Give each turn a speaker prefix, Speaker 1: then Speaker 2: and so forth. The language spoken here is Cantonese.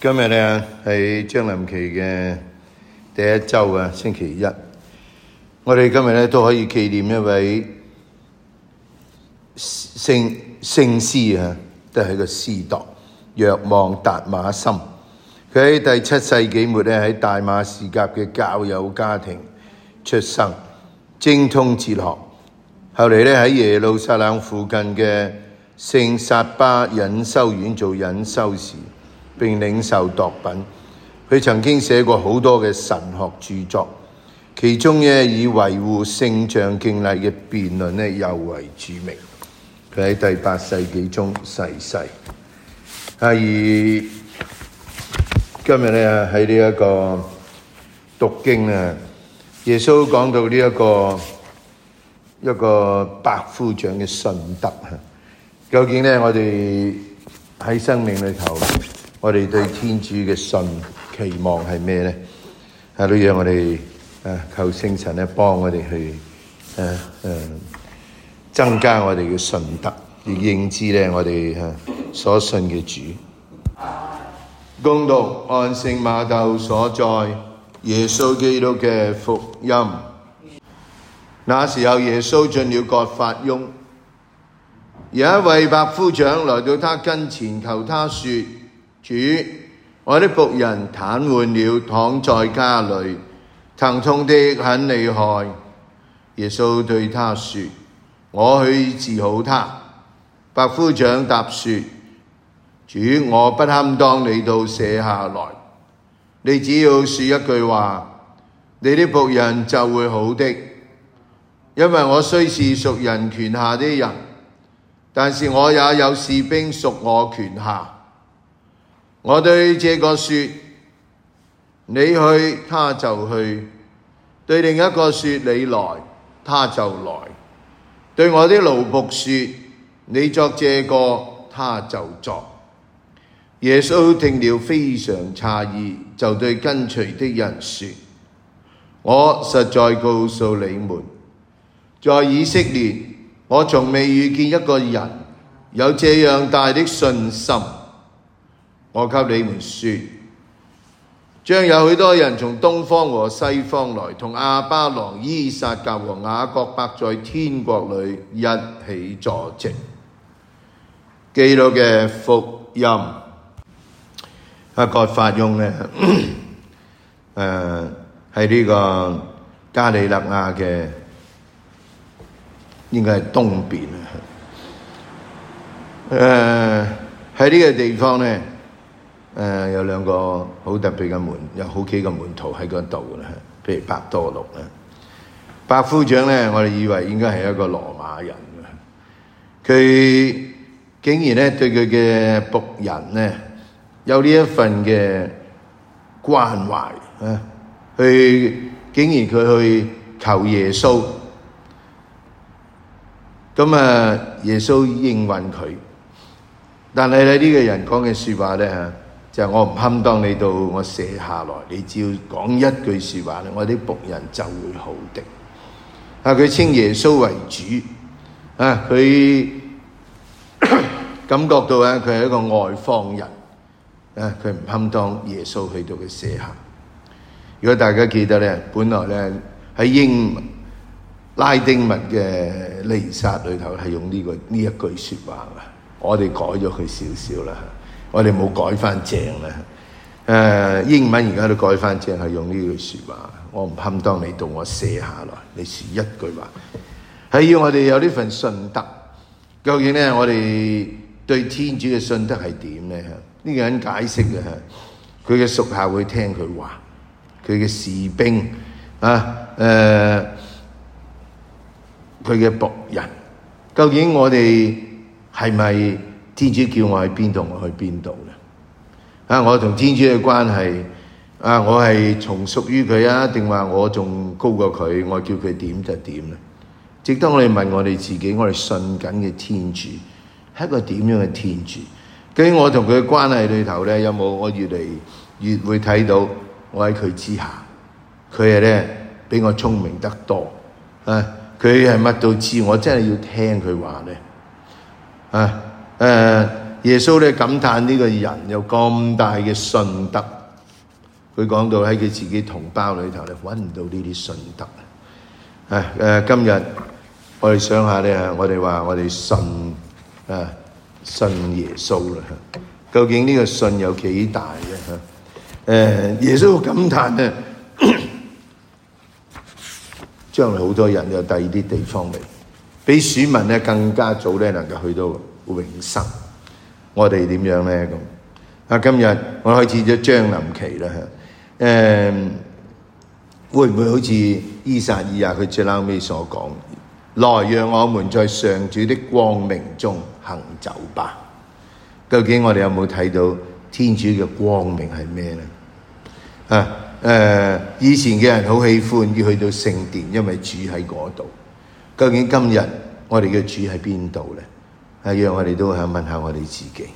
Speaker 1: 今日咧喺張良期嘅第一周啊，星期一，我哋今日咧都可以紀念一位聖聖師啊，都係一個師德。若望達瑪森，佢喺第七世紀末咧喺大馬士革嘅教友家庭出生，精通哲學，後嚟咧喺耶路撒冷附近嘅聖薩巴隱修院做隱修士。並領受作品，佢曾經寫過好多嘅神學著作，其中咧以維護聖像敬禮嘅辯論咧尤為著名。佢喺第八世紀中逝世。而今日咧喺呢一個讀經咧，耶穌講到呢一個一個百夫長嘅信德嚇，究竟咧我哋喺生命裏頭。我哋對天主嘅信期望係咩呢？啊，都讓我哋求、啊、靠聖神咧，幫我哋去、啊呃、增加我哋嘅信德，以認知我哋吓、啊、所信嘅主。恭讀安聖瑪竇所載，耶穌基督嘅福音。那時候耶穌進了葛法翁，有一位百夫長來到他跟前，求他說。主，我的僕人癱瘓了，躺在家裏，疼痛的很厲害。耶穌對他說：我去治好他。百夫長答說：主，我不堪當你到舍下來，你只要說一句話，你的僕人就會好的。因為我雖是屬人權下的人，但是我也有士兵屬我權下。我對這個說你去，他就去；對另一個說你來，他就來；對我啲奴僕說你作這個，他就作。耶穌聽了非常詫異，就對跟隨的人說：我實在告訴你們，在以色列，我從未遇見一個人有這樣大的信心。我給你們說，將有許多人從東方和西方來，同亞巴郎、伊撒格和雅各伯在天國裏一起坐席。基督嘅福音。啊，葛法翁咧，誒喺呢個加里肋亞嘅，應該係東邊啦。誒喺呢個地方咧。誒有兩個好特別嘅門，有好幾個門徒喺嗰度啦。譬如伯多祿啦，百夫長咧，我哋以為應該係一個羅馬人啦。佢竟然咧對佢嘅僕人咧有呢一份嘅關懷啊！去竟然佢去求耶穌，咁啊耶穌應允佢，但係咧呢個人講嘅説話咧嚇就係我唔堪當你到，我舍下來，你只要講一句說話，我啲僕人就會好的。啊，佢稱耶穌為主，啊，佢感覺到咧，佢係一個外方人，啊，佢唔堪當耶穌去到佢舍下。如果大家記得咧，本來咧喺英文、拉丁文嘅《彌撒》裏頭係用呢個呢一句說話，我哋改咗佢少少啦。我哋冇改翻正啦。誒、呃，英文而家都改翻正，係用呢句説話。我唔堪當你到我寫下來，你説一句話，係要我哋有呢份信德。究竟咧，我哋對天主嘅信德係點咧？呢、這個人解釋啊，佢嘅屬下會聽佢話，佢嘅士兵啊，誒、呃，佢嘅僕人，究竟我哋係咪？天主叫我去邊度，我去邊度咧？啊，我同天主嘅關係啊，我係從屬於佢啊，定話我仲高過佢？我叫佢點就點咧？值得我哋問我哋自己，我哋信緊嘅天主係一個點樣嘅天主？究竟我同佢嘅關係裏頭咧，有冇我越嚟越會睇到我喺佢之下，佢係咧比我聰明得多啊！佢係乜都知，我真係要聽佢話咧啊！誒，耶穌咧感歎呢個人有咁大嘅信德，佢講到喺佢自己同胞裏頭咧搵唔到呢啲信德啊！誒，誒，今日我哋想下咧，我哋話我哋信，誒，信耶穌啦。究竟呢個信有幾大嘅吓？誒，耶穌感歎咧，將來好多人有第二啲地方嚟，比選民咧更加早咧能夠去到永生，我哋點樣咧咁啊？今日我開始咗將臨期啦，誒、嗯，會唔會好似依撒意亞佢最後尾所講，來讓我們在上主的光明中行走吧？究竟我哋有冇睇到天主嘅光明係咩咧？啊誒、呃，以前嘅人好喜歡要去到聖殿，因為主喺嗰度。究竟今日我哋嘅主喺邊度咧？係，讓我哋都想問下我哋自己。